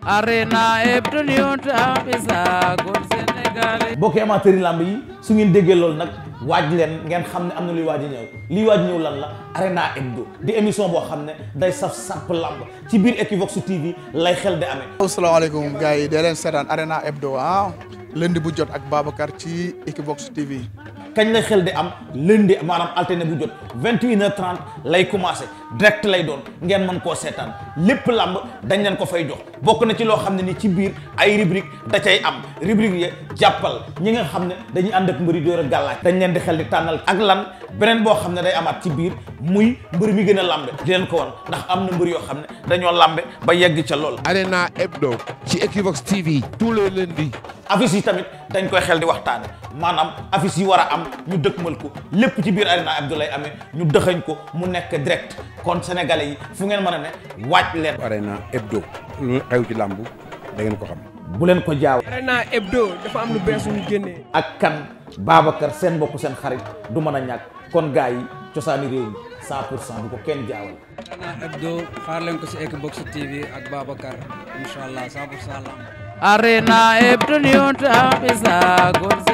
arena hebdo newta bisa gol sénégalais bokki amateur yi lamb yi su ngeen déggee loolu nag waaj leen ngeen xam ne am na luy waaj ñëw liy waaj ñëw lan la arena hebdo di émission boo xam ne day saf sàpp lamb ci biir Equivox TV lay xel de amee asalaamaaleykum gars yi dee leen seetaan arena hebdo ah lundi bu jot ak Babacar ci Equivox TV kañ la xel di am lundi maanaam alterné bu jot vingt une heure trente lay commencé direct lay doon ngeen mën koo seetaan lépp làmb dañ leen ko fay jox bokk na ci loo xam ne ni ci biir ay rubrique da cay am rubrique yi jàppal ñi nga xam ne dañuy ànd ak mbëri door a gàllaaj dañ leen di xel di tànnal ak lan beneen boo xam ne day amaat ci biir muy mbër mi gën a lambe di leen ko won ndax am na mbër yoo xam ne dañoo lambe ba yegg ca lool Arena Hebdo ci Equivox TV tous les lundis affiche yi tamit dañ koy xel di waxtaane maanaam affiche yi war a am ñu dëkkmal ko lépp ci biir arena Abdoulaye Amé ñu dëxañ ko mu nekk direct kon sénégalais yi fu ngeen mën a ne waaj leen arena hebdo lu xew ci làmb da ngeen ko xam bu leen ko jaaw arena hebdo dafa am lu bees ñu génnee ak kan Babacar seen mbokk seen xarit du mën a ñàkk kon gars yi cosaani réew mi 100 pour cent bu ko kenn jaawal arena hebdo xaar leen ko si Equivox TV ak Babacar incha allah 100 Arena Neptune Tapisa Gonzalez